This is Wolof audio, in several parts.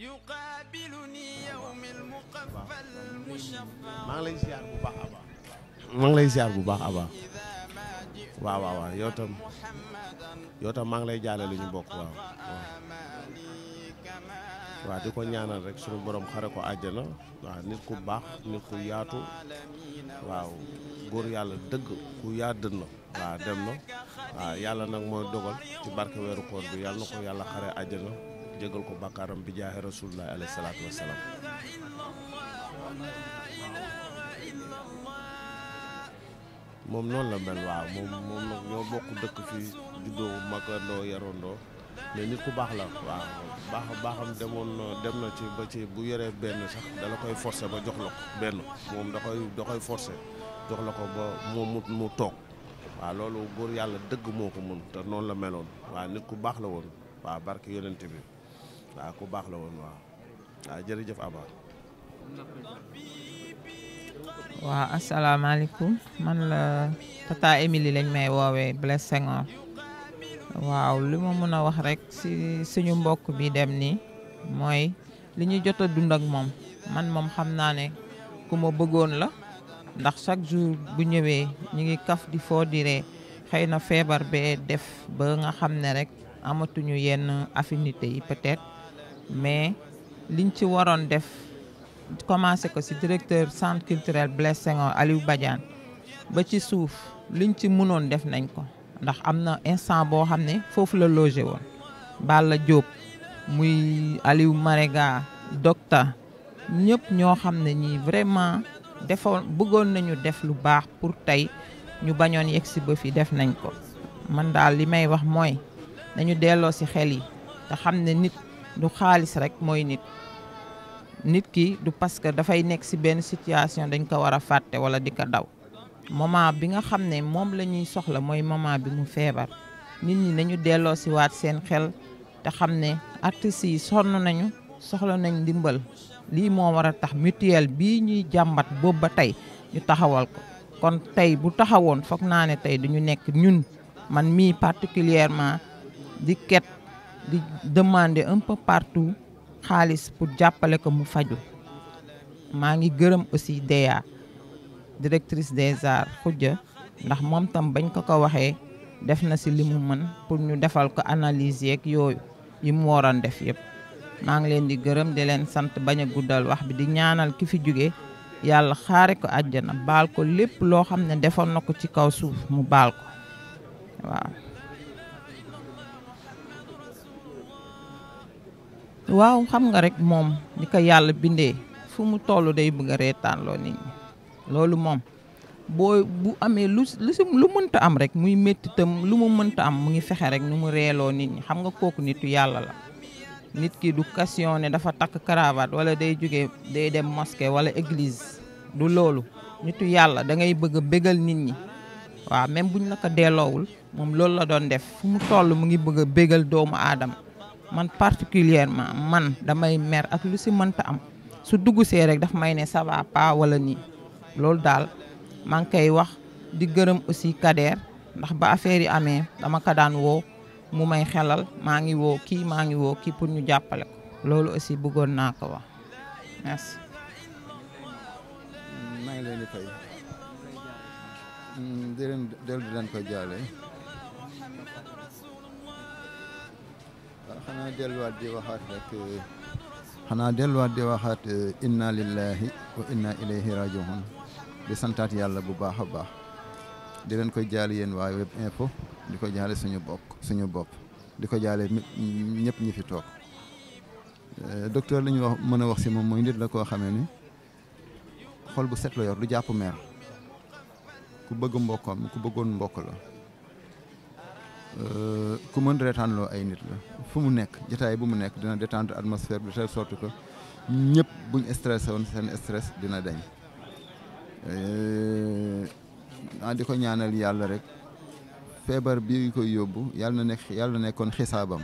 maa ngi lay ziar bu baax Aba maa ngi lay ziar bu baax Aba waaw waaw waaw yow tam yow maa ngi lay jaale lu ñu bokk waaw waaw di ko ñaanal rekk suñu borom xare ko àjjana waaw nit ku baax nit ku yaatu waaw góor yàlla dëgg ku yaat na waaw dem na waaw yàlla nag mooy dogal ci barke weeru koor bi yàlla na ko yàlla xare àjjana jégal ko bàkkaaram bi jaaxe rasulullahi alayhi salaatu wasalaam moom noonu la mel waaw moom moom nag ñoo bokk dëkk fii juddoo magandoo doo mais nit ku baax la waaw baax baaxam demoon dem na ci ba ci bu yoree benn sax dala koy forcer ba jox la ko benn moom da koy da jox la ko ba moom mu toog waaw loolu góor yàlla dëgg moo ko mën te noonu la meloon waaw nit ku baax la woon waaw barke yonent bi waaw ku baax la woon Aba. waaw man la tata Émilie lañ may woowe Blaise Senghor waaw li ma mën a wax rek si suñu mbokk bi dem nii mooy li ñu jot a dund ak moom man moom xam naa ne ku ma bëggoon la ndax chaque jour bu ñëwee ñu ngi kaf di foo diree xëy na feebar bee def ba nga xam ne rek amatuñu yenn affinité yi peut mais liñ ci waroon def commencé ko ci directeur centre culturel Blaise Senghor Aliou Badiane ba ci suuf liñ ci mënoon def nañ ko ndax am na instant boo xam ne foofu la logé woon Balla Diop muy Aliou Marega docteur ñëpp ñoo xam ne ñii vraiment defoon bëggoon nañu def lu baax pour tey ñu bañoon yegg si ba fi def nañ ko mën daal li may wax mooy nañu delloo ci xel yi te xam ne nit du xaalis rek mooy nit nit ki du parce que dafay nekk ci benn situation dañ ko war a fàtte walla di ko daw moment bi nga xam ne moom la ñuy soxla mooy moment bi mu feebar nit ñi nañu delloo si waat seen xel te xam ne artistes yi sonn nañu soxla nañ ndimbal lii moo war a tax mutuelle bii ñuy jàmbat boobu ba tey ñu taxawal ko kon tey bu taxawoon foog naa ne tey duñu nekk ñun man mii particulièrement di ket di demander un peu xaalis pour jàppale ko mu faju maa ngi gërëm aussi DEA directrice des arts xujja ndax moom tam bañ ko ko waxee def na si li mu mën pour ñu defal ko analyse yeeg yooyu yi mu waroon def yëpp maa ngi leen di gërëm di leen sant bañ guddal wax bi di ñaanal ki fi jóge yàlla xaare ko àjjana baal ko lépp loo xam ne defoon na ko ci kaw suuf mu baal ko waaw waaw xam nga rek moom ni ko yàlla bindee fu mu tollu day bëgg a reetaanloo nit ñi loolu moom boo bu amee lu si lu mënta am rek muy métti lu mu mënta am mu ngi fexe rek nu mu reeloo nit ñi xam nga kooku nitu yàlla la nit ki du question ne dafa takk cravate wala day jóge day dem mosquée wala église du loolu nitu yàlla da ngay bëgg a bégal nit ñi waaw même buñ la ko delloowul moom loolu la doon def fu mu toll mu ngi bëgg a bégal doomu aadama man particulièrement man damay mer ak lu si mënta am su dugg see rek dafa may ne ça va pas wala nii loolu daal maa ngi koy wax di gërëm aussi Kader ndax ba affaire yi amee dama ko daan woo mu may xelal maa ngi woo kii maa ngi woo kii pour ñu jàppale ko loolu aussi bëggoon naa ko wax merci. maa ngi leen di ko mm, jaale xanaa delluwaat di waxaat xanaa delluwaat di waxaat inna lillahi wa inna ilayhi rajiun di santaat yàlla bu baax a baax di leen ko jaale yéen waa web info di ko jaale suñu bokk suñu bopp di ko jaale ñëpp ñi fi toog euh, docteur li ñu wax mën a wax si moom mooy nit la koo xamee ni xol bu set la yor du jàpp mer ku bëgg mbokkam ku bëggoon mbokk la ku mën reetaanloo ay nit la fu mu nekk jotaay bu mu nekk dina détendre atmosphère bi de telle sorte que ñëpp buñ stressé woon seen stress dina deñ euh, ah di ko ñaanal yàlla rek feebar bi koy yóbbu yàlla na nekk yàlla nekkoon xisaabam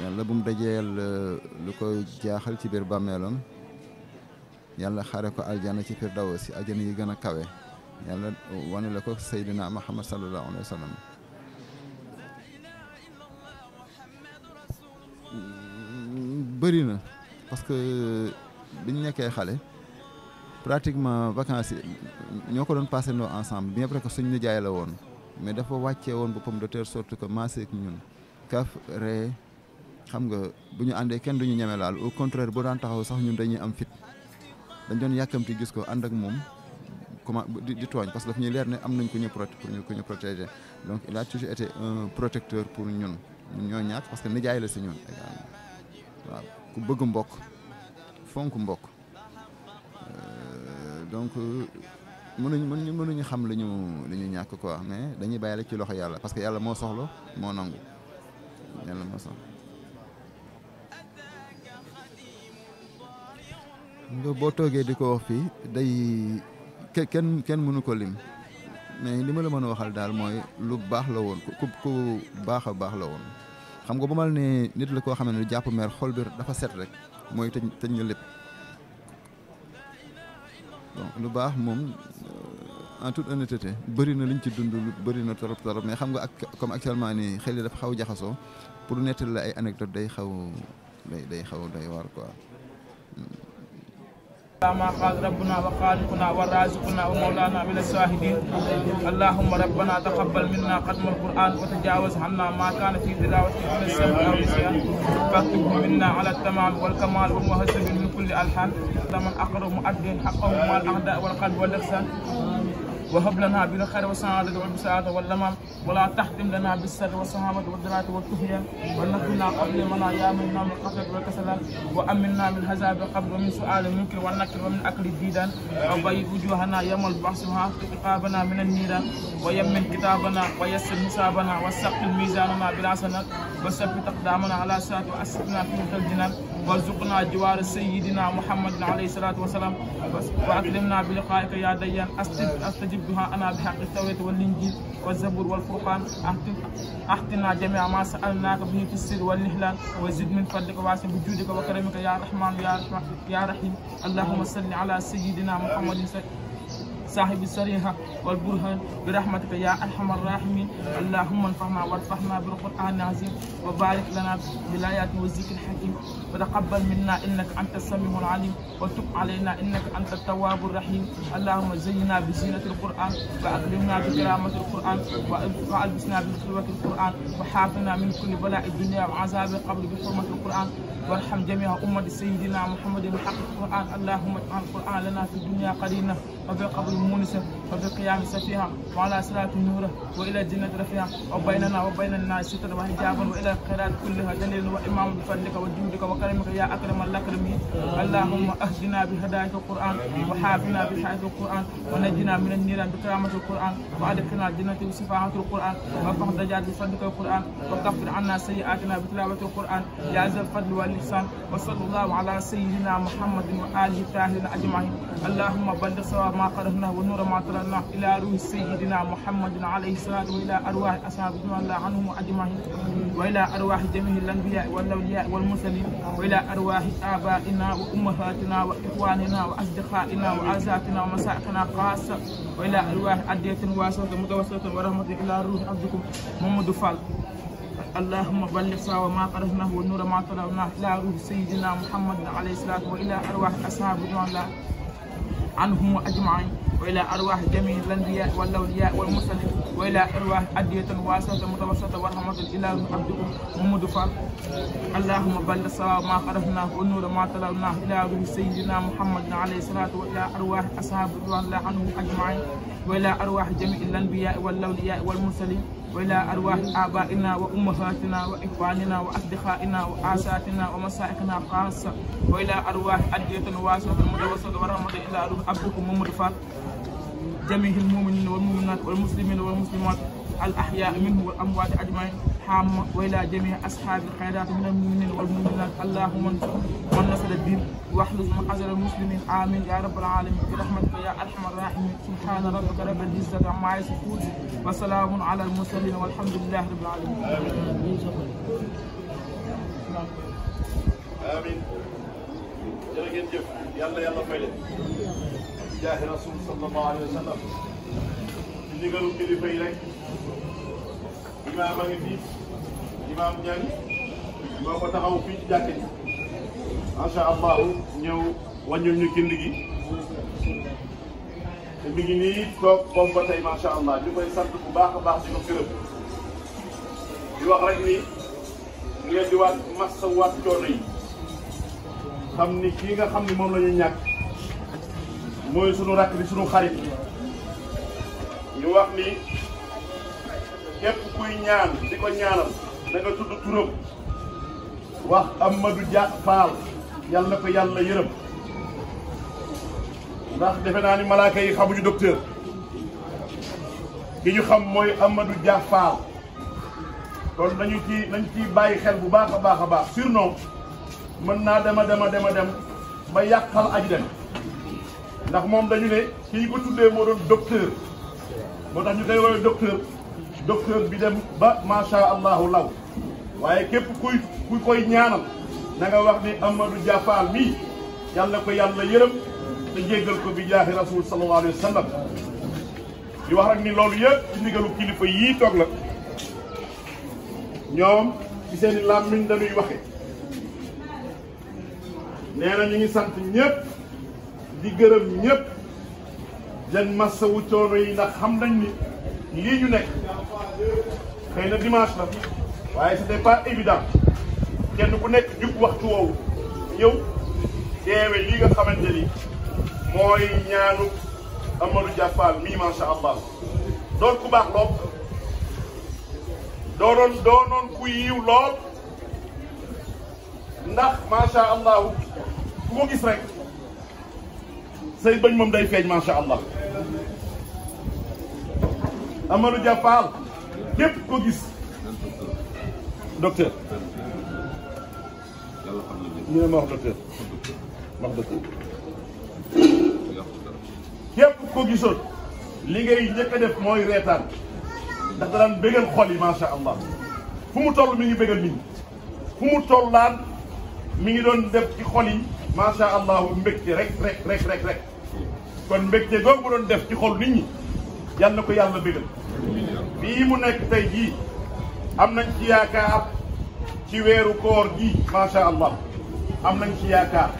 yàlla bu mu dajeel euh, lu koy jaaxal ci biir bàmmeelam yàlla xare ko aljana ci firdawsi aljana yi gën a kawe yàlla wane la ko Seydina Muhammad sallallahu alayhi wa sallam bëri na parce que euh, biñ nekkee xale pratiquement vacances ñoo ko doon passé ndoo ensemble bien vrai rek suñ ñu jaay la woon mais dafa wàccee woon boppam de telle sorte que maasee ak ñun kaf ree xam nga bu ñu àndee kenn duñu ñeme laal au contraire bu daan taxaw sax ñun dañuy am fit dañ doon yàkkamti gis ko ànd ak moom comment di tooñ parce que daf ñuy leer ne am nañ ku ñu pour ku ñu protéger donc il a toujours été un protecteur pour ñun ñoo ñàkk parce que nijaay la si ñun waaw ku bëgg mbokk fonk mbokk euh, donc mënuñ mënuñ mënuñu xam li ñu li ñu ñàkk ko mais dañuy bàyyi rek ci loxo yàlla parce que yàlla moo soxla moo nangu yàlla moo soxla. boo toogee di ko wax fii day kenn kenn mënu ko lim. mais li ma la mën a waxal daal mooy lu baax la woon ku ku baax a baax la woon xam nga ba mal ne nit la koo xam ne lu jàpp meer xol bi dafa set rek mooy tëj tëj nga lépp lu baax moom euh, en toute honnêteté bëri na luñ ci dund lu bëri na torop torop mais xam nga ak comme actuellement nii xel yi dafa xaw jaxasoo pour nettal la ay anecdote day xaw day day xaw day war quoi hmm. اللهم قال ربنا وخالقنا ورازقنا ومولانا من الشاهدين اللهم ربنا تقبل منا ختم القران وتجاوز عنا ما كان في تلاوته من السمع او نسيان فاكتبه منا على التمام والكمال والمهذب من كل الحان لمن اقرب مؤذن حقه مع الاعداء والقلب والاحسان وهب لنا بالخير والسعادة والبسعادة واللمام ولا تحتم لنا بالسر والسهامة والدرات والكهية ونقلنا قبل منا يا من نام القتل والكسل وأمنا من هزاب القبر ومن سؤال المنكر والنكر ومن أكل الديدان وبيض وجوهنا يوم البعث وهاف عقابنا من النيران ويمن كتابنا ويسر حسابنا وسقل ميزاننا بالعسنات وثبت أقدامنا على سات وأسقنا في الجنان وارزقنا جوار سيدنا محمد عليه الصلاة والسلام وأكرمنا بلقائك يا ديان أستجب بها أنا بحق التوراة والإنجيل والزبور والفرقان أحتنا جميع ما سألناك به في السر والإهلال وزد من فضلك واسع بجودك وكرمك يا رحمن يا رحيم اللهم صل على سيدنا محمد صاحب الصريحة والبرهان برحمتك يا أرحم الراحمين اللهم انفعنا وارفعنا بالقرآن العظيم وبارك لنا بالآيات والذكر الحكيم وتقبل منا إنك أنت السميع العليم وتب علينا إنك أنت التواب الرحيم اللهم زينا بزينة القرآن وأكرمنا بكرامة القرآن وألبسنا بخلوة القرآن وحافظنا من كل بلاء الدنيا وعذاب القبر بحرمة القرآن وارحم جميع أمة سيدنا محمد حق القرآن اللهم اجعل القرآن لنا في الدنيا قرينا وفي القبر مونسا وفي القيام سفيها وعلى صراط نوره والى الجنه رفيها وبيننا وبين الناس ستر وحجابا والى الخيرات كلها دليل وامام بفضلك وجودك وكرمك يا اكرم الاكرمين اللهم اهدنا بهدايه القران وحافنا بحيث القران ونجنا من النيران بكرامه القران وادخلنا جنه بصفاحه القران وارفع درجات بفضلك القران وكفر عنا سيئاتنا بتلاوه القران يا ذا الفضل والاحسان وصلى الله على سيدنا محمد واله الطاهرين اجمعين اللهم بلغ سوى ما قرأنا الله ونور ما طلعنا إلى روح سيدنا محمد عليه الصلاة وإلى أرواح أصحاب رضوان الله عنهم أجمعين وإلى أرواح جميع الأنبياء والأولياء والمرسلين وإلى أرواح آبائنا وأمهاتنا وإخواننا وأصدقائنا وأعزائنا ومسائقنا خاصة وإلى أرواح أدية واسعة متوسطة ورحمة إلى روح عبدكم محمد فال اللهم بلغ سوى ما قرأناه ونور ما طلبناه إلى روح سيدنا محمد عليه الصلاة وإلى أرواح أصحاب رضوان الله عنهم أجمعين وإلى أرواح جميع الأنبياء والأولياء والمرسلين وإلى أرواح أدية واسعة متوسطة ورحمة الله عبدكم محمد فار اللهم بلغ صواب ما قرأناه والنور ما تلوناه إلى روح سيدنا محمد عليه الصلاة وإلى أرواح أصحاب رضوان الله عنهم أجمعين وإلى أرواح جميع الأنبياء والأولياء والمرسلين وإلى أرواح آبائنا وأمهاتنا وإخواننا وأصدقائنا وآساتنا ومسائقنا خاصة وإلى أرواح أدية واسعة المتوسط ورحمة إلى روح عبدكم محمد فات جميع المؤمنين والمؤمنات والمسلمين والمسلمات الأحياء منه والأموات أجمعين الحامة وإلى جميع أصحاب الخيرات من المؤمنين والمؤمنات اللهم انصر من نصر الدين واحلل من حزر المسلمين آمين يا رب العالمين برحمتك يا أرحم الراحمين سبحان ربك رب العزة عما يصفون وسلام على المرسلين والحمد لله رب العالمين آمين jërëngeen jëf yàlla yàlla fay leen jaahi rasul sallallahu alayhi wa sallam ci ndigalu kilifa yi rek imaam a ngi fii imaam Ndiaye moo ko ñëw wàññil ñu gindi gi te mi ngi nii toog moom ba tey macha allah ñu koy sant bu baax a baax di ko gërëm di wax rek ni ñu leen di waat massa waat coono yi xam ni kii nga xam ni moom la ñu ñàkk mooy sunu rakk bi sunu xarit ñu wax ni képp kuy ñaan di ko ñaanal. da nga tudd turam wax du Dia Fall yàlla na ko yàlla yërëm ndax defe naa ni malaaka yi xamuñu docteur ki ñu xam mooy Amadou Dia Fall kon nañu ci nañ ciy bàyyi xel bu baax a baax a baax surnom mën naa dema dema dema dem ba yàqal aj dem ndax moom dañu ne ki ñu ko tuddee moo doon docteur moo tax ñu koy woowee docteur docteur bi dem ba macha allahu law waaye képp kuy ku koy ñaanal na nga wax ni Amadou Dia Fall mii ko yàlla yërëm te jéggal ko bi jaahi rasul sallallahu alayhi wa sallam di wax rek ni loolu yëpp ci ndigalu kilifa yii toog la ñoom ci seen i làmmiñ dañuy waxe nee na ñu ngi sant ñëpp di gërëm ñëpp den massa wu yi ndax xam nañ ni lii ñu nekk xëy na dimanche la waaye c'était pas évident kenn ku nekk jub waxtu woowu ñëw teewe lii nga xamante ni mooy ñaanu Amadou Dia Fall mii macha allah doon ku baax lool doonoon doonoon ku yiw lool ndax macha allah ku ko gis rek say bëñ moom day ma macha allah. Amadou Dia Fall képp ko gis docteur ñu ne képp ko gisoon li ngay njëkk def mooy reetaan ndax daan bégal xol yi macha allah fu mu toll mi ngi bégal nit ñi fu mu toll laan ngi doon def ci xol yi macha allah mbégte rek rek rek rek rek kon mbégte googu doon def ci xol nit ñi yal na ko yàlla bégal bii mu nekk tey jii am nañ ci yaakaar ci weeru koor gi macha allah am nañ ci yaakaar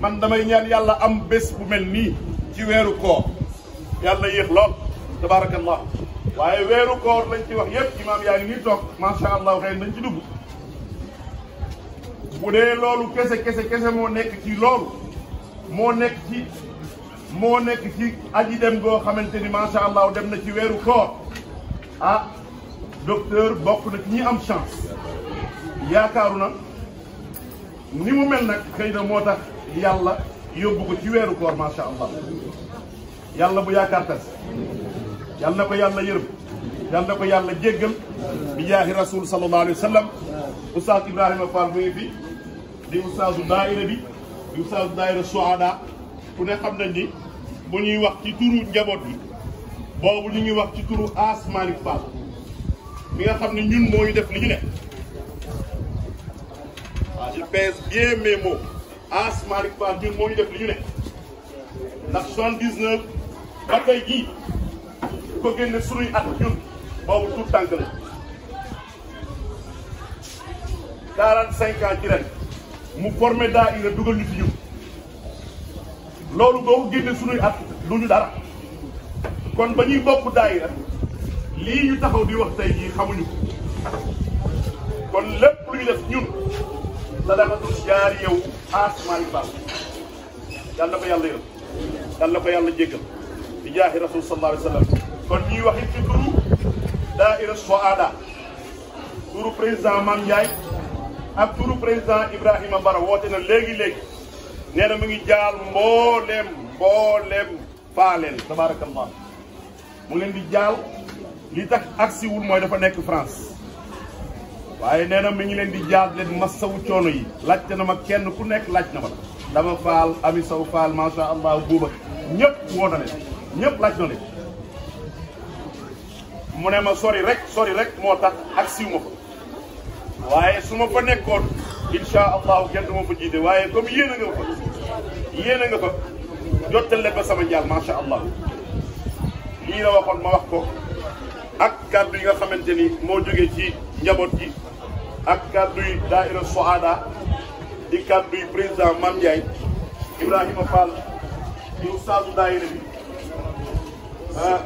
man damay ñaan yàlla am bés bu mel nii ci weeru koor yàlla yéex lool tabaarakallah waaye weeru koor lañ ci wax yépp imaam yaa ngi nii toog macha allah xëy nañ ci dugg bu dee loolu kese kese kese moo nekk ci loolu moo nekk ci moo nekk ci aji dem goo xamante ni macha allah dem na ci weeru koor ah docteur bokk na ci ñi am chance yaakaaru na ni mu mel nag xëy na moo tax yàlla yóbbu ko ci weeru koor macha allah yàlla bu yaakaar tas yàlla na ko yàlla yërëm yàlla na ko yàlla jéggal bi jaahi rasul sallallahu alayhi wa sallam oustaz ibrahima fall mu ngi fi di oustazu na bi di oustazu daaira suada ku ne xam nañ ni bu ñuy wax ci turu njaboot bi boobu li ñuy wax ci turu As Malick Fall nga xam ne ñun moo ñu def li ñu ne waaw je pèse bien mes mots As Malick Fall ñun moo ñu def li ñu ne ndax 79 ba tey jii bu ko génne sunuy at ñun boobu tout tànk la mu formé daa ira dugal ñu ñun loolu boo ko sunuy at lu ñu dara. kon ba ñuy bokk daayira lii ñu taxaw di wax tey xamuñu kon lépp lu ñu def ñun sadaqatul jaariya asmaal baax yal na ko yàlla yërëm yal na ko yàlla jéggal bi jaahi rasul sallallahu kon ñuy wax it ci turu daaira Soada turu président Mame Ndiaye ak turu président Ibrahima Bara woote na léegi léegi nee na mu ngi jaal mbooleem mbooleem faaleen tabaarakallah mu leen di jaal li tax agsiwul mooy dafa nekk France waaye nee na mi ngi leen di jaal ma masawu coono yi laajte na ma kenn ku nekk laaj na ma dama faal ami saw faal macha allah buuba ñëpp ñépp na leen ñëpp na mu ne ma sori rek sori rek moo tax agsiw ma fa waaye su ma fa nekkoon incha allahu kenn du fa jiite waaye comme yéen ko nga fa yéen a jottale ba sama njaal macha allah lii la waxoon ma wax ko ak kàddu yi nga xamante ni moo jóge ci njaboot gi ak kàddu yi daaira Sohada di kàddu yi président Mame Ndiaye Ibrahima Fall di ustaasu daaira bi ah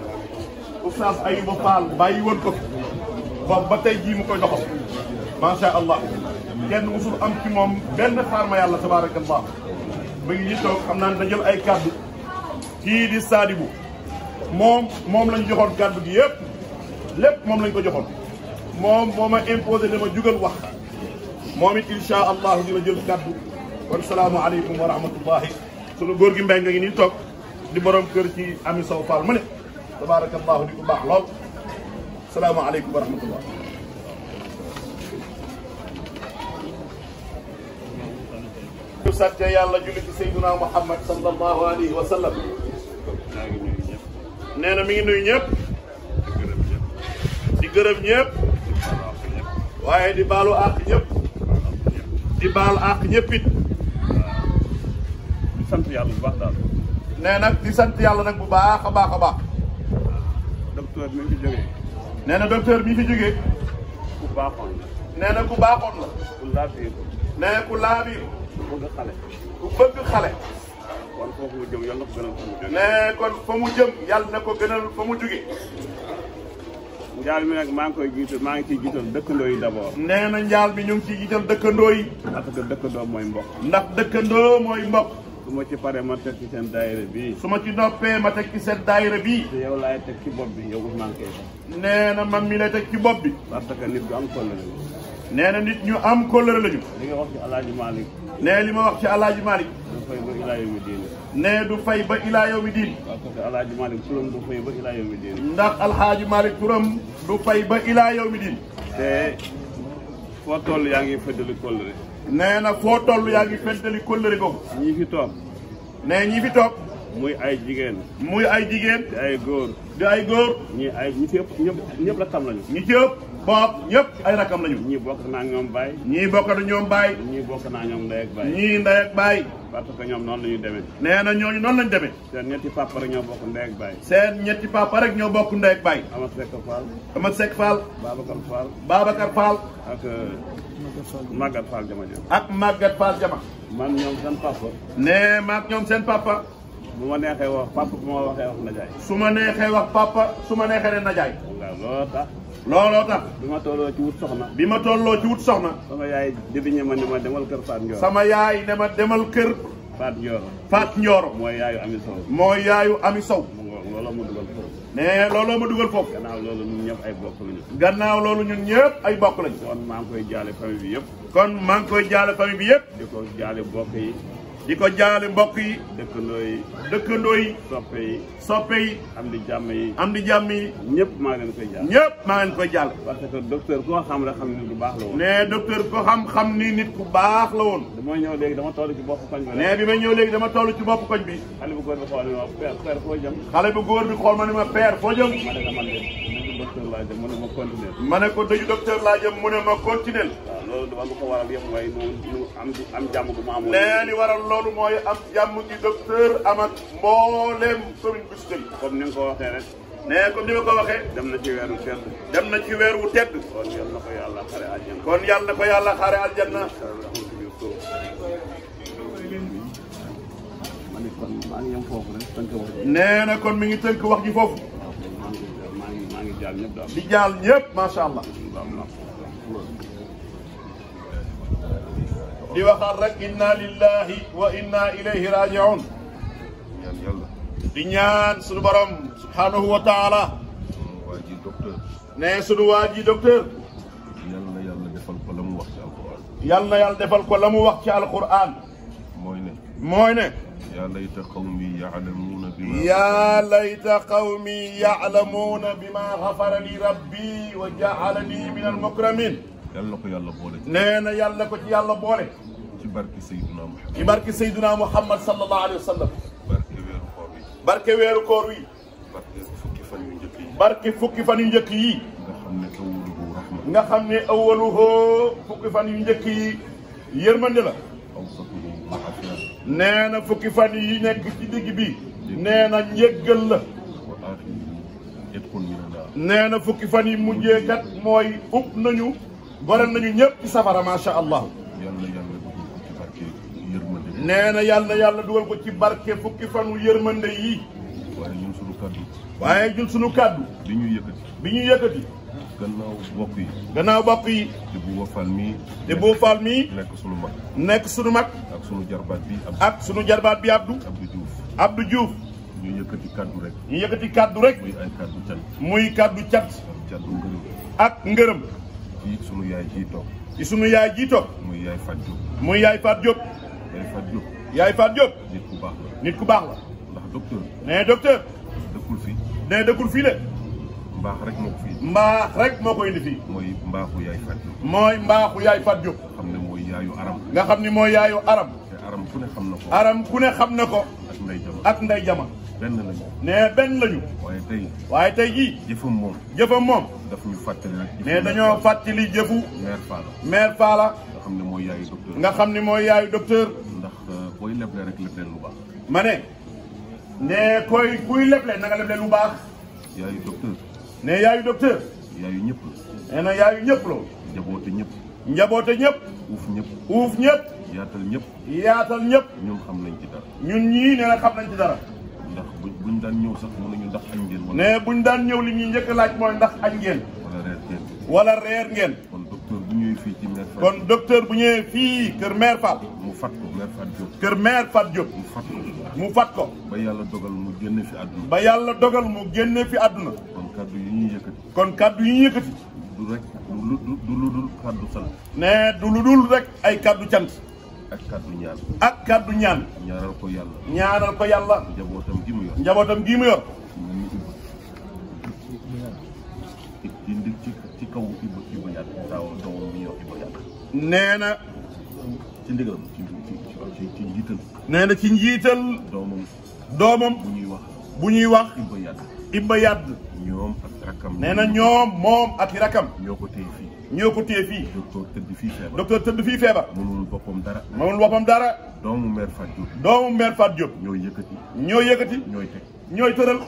ustaas Ayuba Fall bàyyi woon ko ba ba tey jii mu koy doxal macha allah kenn musul am ci moom benn xaarma yàlla tabaarakallah mu ngi ñi toog xam naa ne da jël ay kàddu kii di Sadibou moom moom lañ joxoon kàddu gi yëpp lépp moom lañ ko joxoon moom moo ma imposé ma jugal wax moom it insha allahu dina jël kàddu kon salaamaaleykum wa rahmatullahi sunu góor gi mbay nga ngi nii toog di borom kër ci ami saw fall mu ne tabarakallahu di ko baax lool salaamaaleykum wa yàlla julli ci sayduna muhammad nee na mi ngi nuyu ñëpp di gërëm ñëpp waaye di baalu àq ñëpp di baal àq ñëpp it di sant yàlla nag di sant yàlla nag bu baax a baax a baax docteur mi fi jógee nee na docteur mi fi jógee ku baaxoon la na ku baaxoon la ku ku laabiir ku bëgg xale ku bëgg xale kon foofu mu jëm yal na ko gënal fa mu jógee. mais kon fa mu jëm yal na ko gënal fa mu jógee. njaal mi nag maa ngi koy jiital maa ngi ciy jiital dëkkandoo yi d'abord. nee na njaal bi ñu ngi ciy jiital dëkkandoo yi. parce que dëkkandoo mooy mbokk. ndax dëkkandoo mooy mbokk. su ma ci paree ma teg ci seen daayira bi su ma ci noppee ma teg ci seen daayira bii. te yow laay teg ci bopp bi yow Ousmane Keita. nee na man mi ne teg ci bopp bi. parce que nit du am kóllëre. nee na nit ñu am kóllëre lañu. li nga wax ci alaaji Malick. nee li ma wax ci alaaji Malick. du fay ba ilaa yow diin. nee du fay ba ilaa yow mi diin. waaw parce que alaaji Malick turam ba ilaa yow mi diin. ndax alaaji Malick turam du fay ba ilaa yow mi diin. te foo toll yaa ngi feddali kóllëre. nee na foo toll yaa ngi feddali kóllëre ko ñii fi toog. nee ñii fi toog. muy ay jigéen. muy ay jigéen. di ay góor. di ay góor. ñii ay ñi ci ëpp ñëpp ñëpp la tam lañu. ñi ci Bopp ñëpp ay rakam lañu. ñii bokk naa ñoom baay. ñii bokk na ñoom baay. ñii bokk naa ñoom ndey ak baay. ñii ndey ak ñoom noonu la ñu demee. nee na ñooñu noonu la ñu seen ñetti papa rek ñoo bokk ndey ak baay. seen ñetti papa rek ñoo bokk ndey ak baay. Amath Seck Fall. Amath Seck Fall. Babacar Fall. Babacar Fall. ak euh, Maguette Fall Jama Jama. ak Maguette Fall Jama. man ñoom seen papa. nee ma ak ñoom seen papa. bu ma neexee wax papa bu ma waxee wax Najaay. su ma neexee wax papa su ma neexee ne Najaay. waaw looloo tax. looloo tax bi ma tolloo ci wut soxna bi ma tolloo ci wut soxna sama yaay défiñe ma ne ma demal kër Faat Njoor sama yaay ne ma demal kër Faat Njoor Faat Njoor mooy yaayu Ami Sow mooy yaayu Ami Sow looloo ma dugal foofu ne looloo ma dugal foofu gannaaw loolu ñun ñëpp ay bokk lañu gannaaw loolu ñun ñëpp ay bokk lañu kon maa ngi koy jaale famille bi yëpp kon maa ngi koy jaale famille bi yëpp di ko jaale bokk yi di ko jaale mbokk yi. dëkkandoo yi. dëkkandoo yi. soppe yi. soppe yi. am di jàmm yi. am di jàmm yi. ñëpp maa ngi koy jaal. ñëpp maa ngi koy jaal. parce que xam la xam ni nit ku baax la woon. mais docteur koo xam xam ni nit ku baax la woon. dama ñëw léegi dama toll ci bopp koñ bi. mais ñëw léegi dama toll ci bopp koñ bi. xale bu góor bi xool ma ne ma père foo jëm. xale bu góor bi xool ma ne ma père foo jëm. ma ne ko man de dëju docteur laa jëm mu ne ma continuer. loolu dama lu ko waral yëpp mooy mu am am jàmm bu mu amoon. nee li waral loolu mooy am jàmm gi docteur Amath mboolem commune Biscuit. comme ni nga ko waxee rek. nee ma ko waxee. dem na ci weer wu na ci weer wu tedd. kon yal na ko yàlla xare aljanna. kon yal na ko yàlla xare aljanna. nee kon mi ngi tënk wax ji foofu. di jaal ñëpp macha allah. di waxaat rek inna lillahi wa inna ilayhi rajiun di ñaan sunu borom subhanahu wa taala ne sunu waa ji docteur yal na yàlla defal ko la mu wax ci alquran yal na yàlla defal ko la mu wax ci alquran mooy ne mooy ne yaa layta qawmi yaclamuuna bima yaa layta qawmi yaclamuuna bima xafara li rabbi wa jacalani min almukramin yàlla na yàlla boole. nee na yàlla ko ci yàlla boole. ci barke Seydina Muhammad. ci barke Seydina Muhammad sallallahu alayhi wa sallam. barke weeru koor wi. barke weeru fukki fan yu njëkk yi. barke fukki fan yu njëkk yi. nga xam ne awwaluhu rahma. nga xam ne awwaluhu fukki fan yu njëkk yi yërmande la. nee na fukki fan yi nekk ci digg bi. nee na njëggal la. nee fukki fan yi mujjee mooy ub nañu. waral nañu ñëpp ci safara macha allah. nee na yàlla yàlla dugal ko ci barke fukki fanu yërmande yi. waaye ñun sunu kaddu. waaye ñun sunu kàddu bi ñuy yëkkati. bi ñuy yëkkati. gannaaw bokk yi. gannaaw bokk yi. di bu fal mii. di bu faal mii. nekk sunu mag. nekk sunu mag. ak sunu jarbaat bi ak sunu jarbaat bi Abdou. Abdou Diouf. Abdou Diouf. ñu yëkkati kaddu rek. ñu yëkkati kaddu rek. muy ay kaddu cat. muy kaddu cat. ak ngërëm. ji sunu yaay ji toog. ci sunu yaay ji toog. muy yaay Fatou Diop. muy yaay Fatou Diop. yaay Fatou Diop. yaay Fatou Diop. nit ku baax la. nit ku baax la. ndax docteur. nee docteur. dëkkul fii. nee mbaax rek moo ko fii. mbaax rek moo ko indi fii. mooy mbaaxu yaay Fatou Diop. mooy mbaaxu yaay Fatou Diop. nga xam ni mooy yaayu aram. te aram ku ne xam na ko. aram ku ne xam na ko. ak nday jama nday jama. benn lañu. nee benn lañu. waaye tey. waaye tey jii. jëfam moom. jëfam moom. daf ñu fàttali rek. dañoo fàttali jëfu. maire Fala. maire Fala. nga xam ne mooy yaayu docteur. nga xam ne mooy yaayu docteur. ndax euh, booy leble rek leble lu baax. ma ne. nee koy kuy leble nag nga leble lu baax. yaayu docteur. nee yaayu docteur. yaayu ñëpp la. na yaayu ñëpp la. njaboote ñëpp. njaboote ñëpp. uuf ñëpp. uuf ñëpp. yaatal ñëpp. yaatal ñëpp. ñun xam nañ ci dara. ñun ñii nee na xam nañ ci dara. ndax buñ daan ñëw sax mënuñu ndax añ ngeen. mais buñ daan ñëw li ñuy njëkk laaj mooy ndax añ ngeen. wala reer ngeen. wala reer ngeen. kon docteur bu ñëwee fii ci maire Fall. kon docteur bu ñëwee fii kër maire Fall. mu fat ko maire Fall Diop. mu fat ko ba yàlla dogal mu génne fi àdduna. ba yàlla dogal mu génne fi àdduna. kon kaddu yi ñuy yëkkati. kon kàddu yi ñu yëkkati. du rek du lu dul du lu dul rek ay kàddu cant. ak kàddu ñaan. ak kàddu ñaanal ko yàlla. ñaanal ko yàlla. njabootam gi mu yor. njabootam gi mu yor. ci na. ci ndigalam ci ci njiital. nee ci njiital. doomam. bu ñuy wax. bu ñuy wax. Iba ñoom ak rakam. nee ñoom moom ak rakam. ñoo ko téye fii. ñoo ko téye fii. docteur tëdd fii feebar. docteur tëdd fii feebar. mënul boppam dara. mënul boppam dara. doomu mère Fat Diop. doomu mère Fat Diop. ñooy yëkkati. ñooy yëkkati. ñooy teg. ñooy tëral.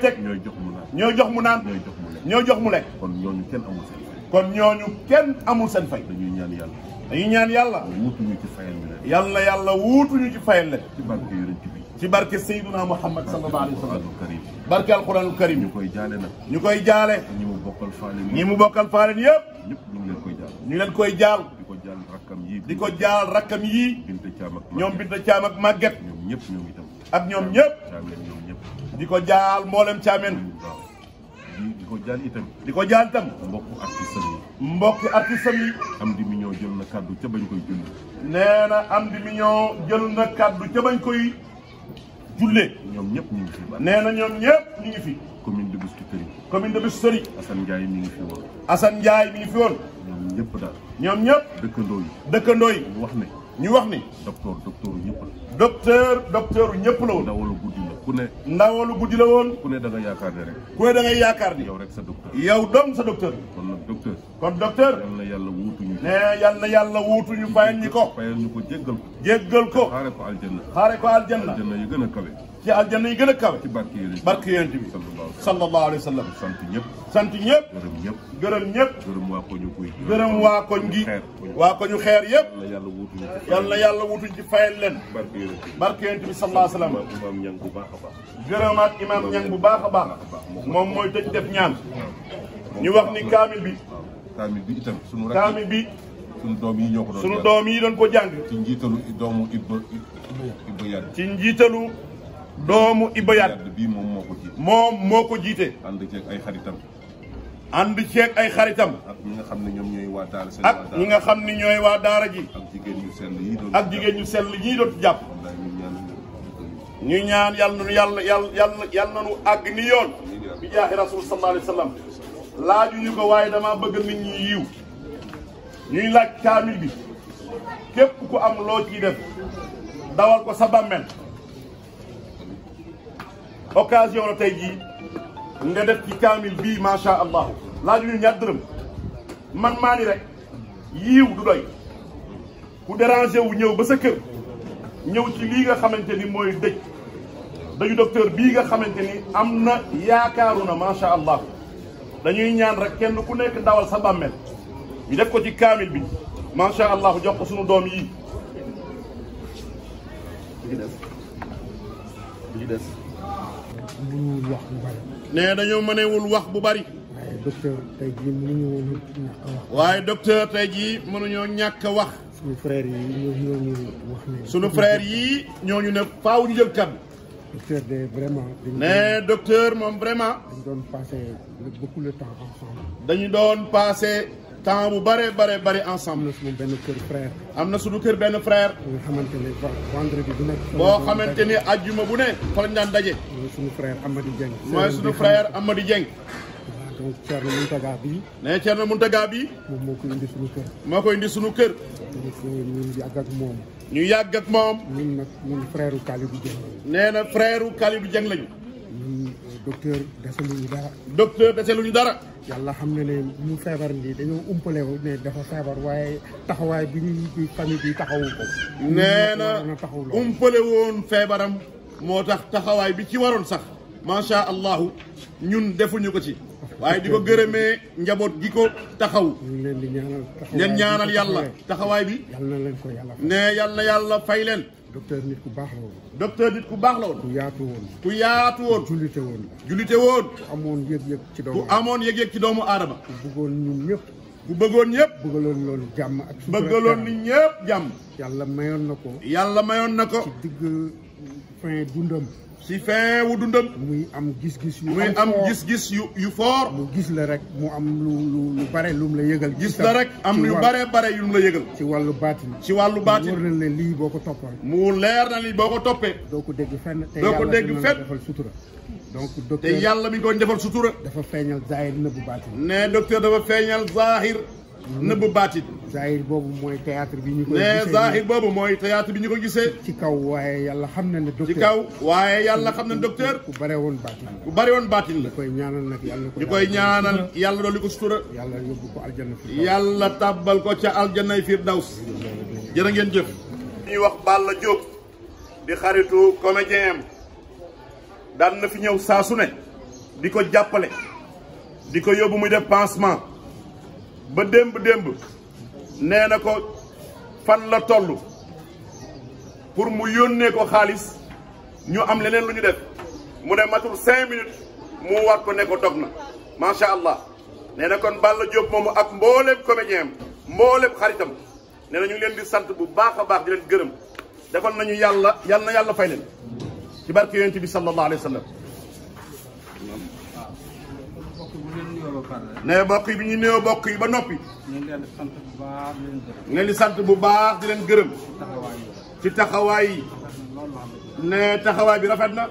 teg ñooy jox mu naan. ñooy jox mu naan. ñooy jox mu lekk. ñooy jox mu lekk. kon ñooñu kenn amul seen fay. kenn amul seen fay. dañuy ñaan yàlla. dañuy ñaan yàlla. wuutuñu ci fayal leen. yàlla yàlla ci fayal leen. ci barke yonent ci barke Seydina Muhammad sallallahu alayhi wa sallam. barke alquranul karim. ñu koy jaale nag. ñu koy jaale. bokkal faaleen ñi mu bokkal faaleen yëpp. ñëpp ñu ngi leen koy jaal. ñu leen koy jaal. di ko jaal rakkam yii. di ko jaal rakkam yii. Binta Caam ak ñoom Binta Caam ak Maguette. ñoom ñëpp ñoo ngi tam. ak ñoom ñëpp. di ko jaal mboolem caameen. di ko jaal itam. di ko jaal itam. mbokk artistes yi. mbokk yi. am di mi ñoo jël ca bañ koy na am di mi ñoo jël na kaddu ca bañ koy julle. ñoom ñëpp ñu ngi fi. nee na ñoom ñëpp ñu fi. commune commune de Missou Sëri. Assane Ndiaye mi ngi fi woon. Assane Ndiaye mi ngi fi woon. ñoom ñëpp daal. ñoom ñëpp. dëkkandoo yi. dëkkandoo yi. ñu wax ni ñu wax ni. docteur docteur ñëpp la. docteur docteur ñëpp la woon. ndawalu guddi la ku ne. ndawalu guddi la woon. ku ne da nga yaakaar ne rek. ku ne da yaakaar ni. yow rek sa docteur. yow doom sa docteur. kon nag docteur. kon docteur. yal na yàlla wuutuñu. nee yal na yàlla wuutuñu fayal ñu ko. fayal ñu ko jéggal ko. jéggal ko. xaare ko aljanna. xaare ko aljanna. aljanna gën a kawe. ci aljanna yi gën a kawe barke yonent bi sallallahu alayhi wa sallam sant ñëpp sant ñëpp gërëm ñëpp gërëm ñëpp gërëm waa koñu kuy gërëm gi waa koñu xeer yëpp yal na yàlla wutuñ ci fayal leen barke yonent bi sallallahu alayhi wa sallam gërëm ak imaam bu baax a baax moom mooy tëj def ñu wax ni kaamil bi kaamil bi itam sunu kaamil bi sunu doom yi ñoo ko doon sunu doom yi ko jàng ci njiitalu doomu Ibba Ibba Yane ci njiitalu doomu Iba Yat bii moom moo ko jiite. moom ànd ceeg ay xaritam. ànd ay xaritam. ak ñi nga xam ne ñoom ñooy waa daara ak ñi nga xam ne ñooy waa daara ji. ak jigéen ñu sell yii doon ñu sell yii doon jàpp. ñu ñaan yàlla nu yàlla yàlla yàlla yàlla na nu àgg ni yoon. bi jaaxi rasul sallallahu alayhi wa ko waaye damaa bëgg nit ñi yiw. ñuy laaj kaamil bi. képp ku am loo ciy def. dawal ko sa bàmmeel. occasion la tey jii nga def ci kaamil bii macha allah laaju ñu ñaar man maa ni rek yiiw du doy ku dérangé wu ñëw ba sa kër ñëw ci lii nga xamante ni mooy dëj dañu docteur bii nga xamante ni am na yaakaaru na macha allah dañuy ñaan rek kenn ku nekk ndawal sa bàmmeel ñu def ko ci kaamil bi macha allah jox ko sunu doom yi li des des. mënewul wax bu bari. nee dañoo mënewul wax bu bari. waaye docteur tey jii waaye docteur tey jii mënuñoo ñàkk wax. suñu frère yi ñooñu wax ne. suñu frère yi ñooñu ne faaw ñu jël kaddu. docteur vraiment. mais docteur moom vraiment. dañu doon passé beaucoup de temps dañu doon passé. temps bu bare bare bari ensemble. am na benn kër frère. am na suñu kër benn frère. nga xamante ne vendredi bu nekk. boo xamante ni ajjuma bu ne. fan daan daje. mooy suñu frère am ma di suñu frère Amady Dieng. donc Thierno Mountaga bii. nee Thierno Mountaga bii. moom moo koy indi suñu kër. moo koy indi suñu kër. ñu yàgg ak moom. ñu yàgg ak moom. ñu nag moom frère Kalidou Dieng. nee na frère Kalidou Dieng lañu. docteur desaluñu dara. docteur desaluñu dara. yàlla xam na ne ñu feebar nii dañoo umpale wu ne dafa feebar taxawaay bi ñuy famille bi taxawu ko. nee na umpale woon feebaram moo tax taxawaay bi ci waroon sax macha allahu ñun defuñu ko ci. waaye di ko gërëmee njaboot gi ko taxaw. leen di ñaanal taxawaay taxawaay bi. ne yàlla yàlla fay leen. docteur nit ku baax la woon. docteur nit ku baax la woon. ku yaatu woon. ku yaatu woon. jullite woon. jullite woon. ku amoon yëg-yëg ci doomu. ku amoon yëg ci doomu aadama. ku bëggoon ñun ñëpp. ku bëggoon ñëpp. bëggaloon loolu jàmm ak. bëggaloon ni ñëpp jàmm. yàlla mayoon na ko. yàlla mayoon na ko. ci digg. fin dundam. si fin wu dundam. muy am gis-gis yu. muy am gis yu yu fort. mu gis la rek mu am lu lu lu bare lu mu la yëgal. gis la rek am lu bare bare yu mu la yëgal. ci wàllu baatin. ci wàllu baatin mu leer na lii boo ko toppal. mu leer na lii boo ko toppee. doo ko dégg fenn te ko dina la defal sutura. donc docteur te yàlla mi ngi ko defal sutura. dafa feeñal zaahir nëbbu baatin. ne docteur dafa feeñal zaahir nëbb baatit. zahir boobu mooy théâtre bi ñu ko. gisee mais zahir boobu mooy théâtre bi ñu ko gisee. ci kaw waaye yàlla xam na ne docteur. ci kaw waaye yàlla xam na ne docteur. ku bare woon baatin la ku bare woon baatin la. ñu koy ñaanal nag yàlla. ñu koy ñaanal yàlla dolli ko sutura. yàlla yóbbu ko aljanna firdaws. yàlla tàbbal ko ca aljanna firdaws. jërë ngeen jëf. ñuy wax Balla Diop. di xaritu comédien am. daan na fi ñëw saa su ne. di ko jàppale. di ko yóbbu muy def pansement. ba démb démb nee na ko fan la toll pour mu yónnee ko xaalis ñu am leneen lu ñu def mu ne matul cinq minutes mu war ko ne ko dog na macha allah nee na kon Balla Diop moomu ak mbooleem comédien am mbooleem xaritam nee na ñu ngi leen di sant bu baax a baax di leen gërëm defal nañu yàlla yàlla na yàlla fay leen ci barke yonent bi sallallahu alayhi wa sallam ne mbokk yi bi ñu néew mbokk yi ba noppi. ñu ngi leen di sant bu baax di leen gërëm. ngeen taxawaay yi. ne taxawaay bi rafet na.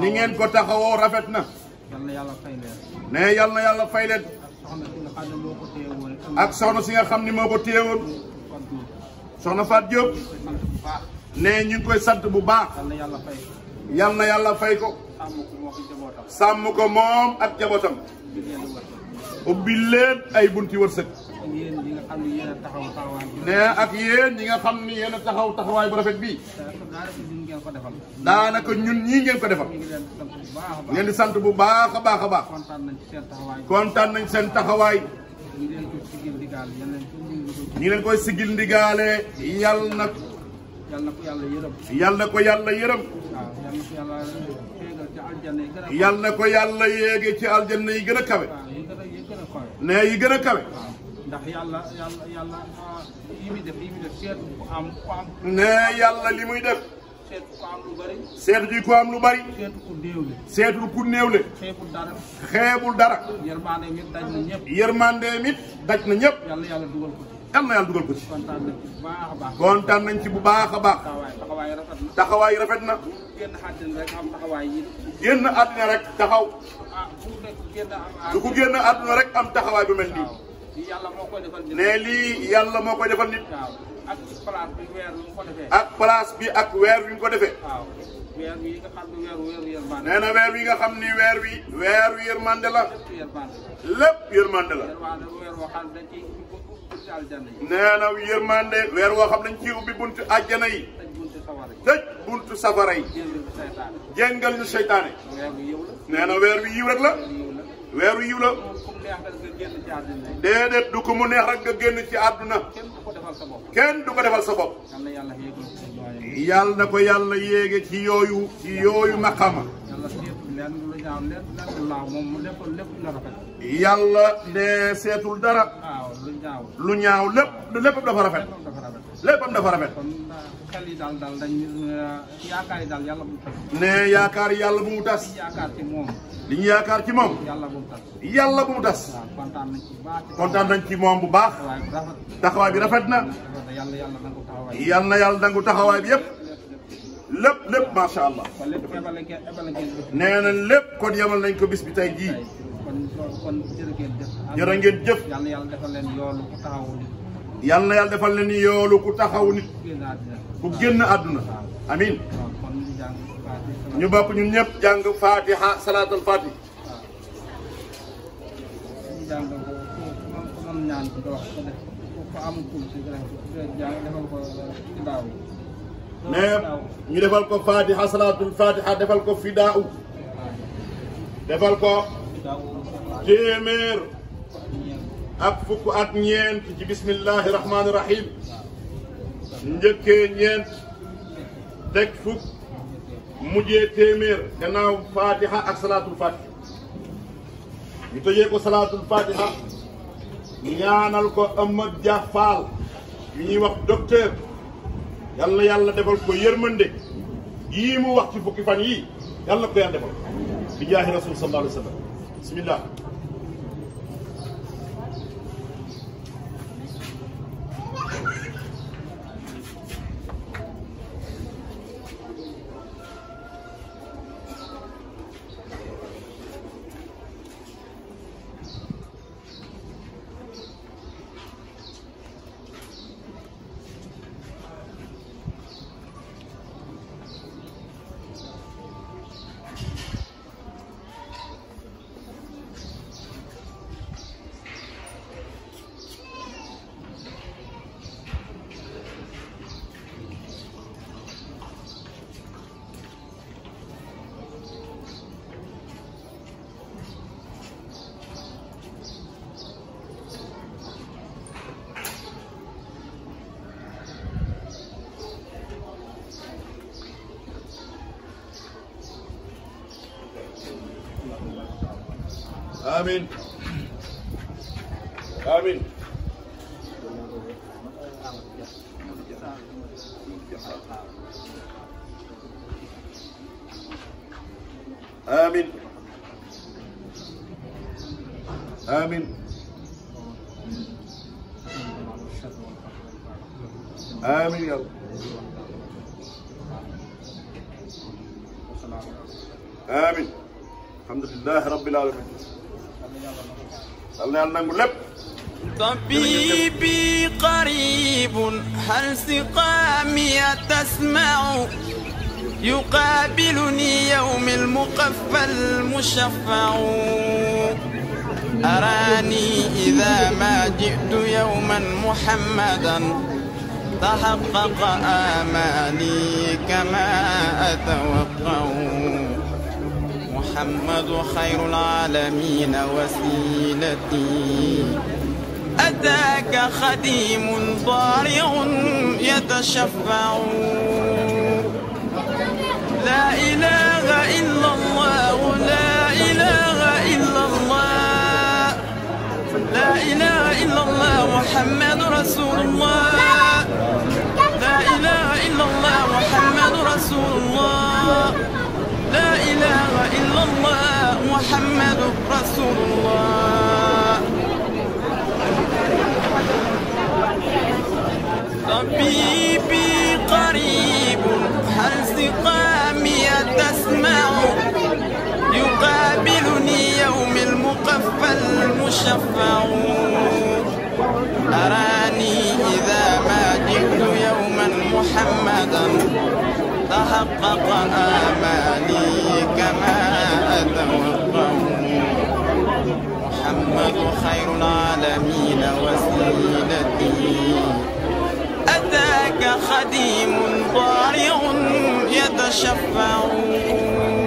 ni ngeen ko taxawoo rafet na. ne yal na yàlla fay leen. ak soxna si nga xam ni moo ko téyewoon. soxna Faat Diop. ne ñu ngi koy sant bu baax. yal na yàlla fay ko. sàmm ko moom ak jabootam. ubbi leen ay bunti wërsëg. nee ak yéen ñi nga xam ni yéen a taxaw taxawaay bu rafet bii. daanaka ñun ñii ngeen ko defal. ngeen di sant bu baax a baax a baax. kontaan nañ seen taxawaay. ñi leen koy sigil ndigaale yal na. yal na ko yàlla yërëm. yal na ko yàlla yërëm. yal na ko yàlla yéege ci aljanna yi gën a kawe. ne yi gën a kawe. ndax yàlla yàlla yàlla ah, yi muy ko am ko am. ne yàlla li muy def. seetu ko am lu bari. seetu ko am lu bari. seetu ku néewle. xeebul dara. xeebul dara. yërmande na ñëpp. yërmande mit yal na yàlla dugal ko ci. bu baax a baax. kontaan nañ ci bu baax a baax. taxawaay rafet na. taxawaay rafet na. génn rek am taxawaay yi. génn àddina rek ah, rek am taxawaay bu mel nii. ne lii yàlla moo koy defal nit. ak place bi weer wi ak weer wi ñu ko defee. weer nga xam weer wi yërmande nee na ni weer wi. weer wi yërmande la. lépp la. nee na yërmande weer woo xam nañ ci ubbi buntu àjjana yi. tëj buntu safara yi. jéngal ñu seytaane. nee na weer wi yiw rek la. weer wi yiw la. déedéet du ko mu neex rek nga génn ci àdduna. kenn du ko defal sa bopp. yàlla na ko yàlla yéege ci yooyu ci yooyu maqama. yàlla de seetul dara. lu ñaaw lépp léppam dafa rafet. léppam dafa rafet. Uh, xel yi daal daal dañ uh, yaakaar yi daal yàlla bu mu tas. ne yaakaar yàlla bu mu tas. li ñu yaakaar ci moom. li ñu yaakaar yàlla bu mu tas. yàlla bu mu tas. kontaan nañ ci bu baax. kontaan nañ ci moom bu baax. taxawaay bi rafet na. yal na yàlla nangu taxawaay bi yépp lépp lépp macha allah. nee na lépp kon yemal nañ ko bi tey jii. kon kon jërë ngeen jëf. yal na leen yoolu ku taxawu nit. yal na defal leen yoolu ku taxawu nit. ku génn àdduna. amin ñu bokk ñun ñëpp jàng fatiha salaatul fatih. mais ñu defal ko fatiha salaatul fatiha defal ko fidaaw defal ko. téeméer ak fukk ak ñeent ci bismillahi rahmaani rahim njëkkee ñeent teg fukk mujjee téeméer gannaaw fatiha ak salaatul fatiha ñu tëjee ko salaatul fatiha ñaanal ko Amad Dia Fall yu ñuy wax docteur yal yàlla defal ko yërmande yii mu wax ci fukki fan yii yal ko yàlla defal bi jaahi rasul sallallahu alayhi wa bismillah amiin amiin amiin amiin amiin yàlla amiin alhamdulilah rabbil alamin yàlla na yàlla nangu lépp. طبيبي قريب هل سقامي تسمع يقابلني يوم المقفى المشفع أراني إذا ما جئت يوما محمدا تحقق آمالي كما أتوقع محمد خير العالمين وسيلتي أتاك خديم ضارع يتشفع لا إله إلا الله لا إله إلا الله لا إله إلا الله محمد محمد رسول الله طبيبي قريب هل سقامي تسمع يقابلني يوم المقفى المشفع أراني إذا ما جئت يوما محمدا تحقق آمالي كما أتوقع أحمد خير العالمين وسيلتي أتاك خديم ضارع يتشفع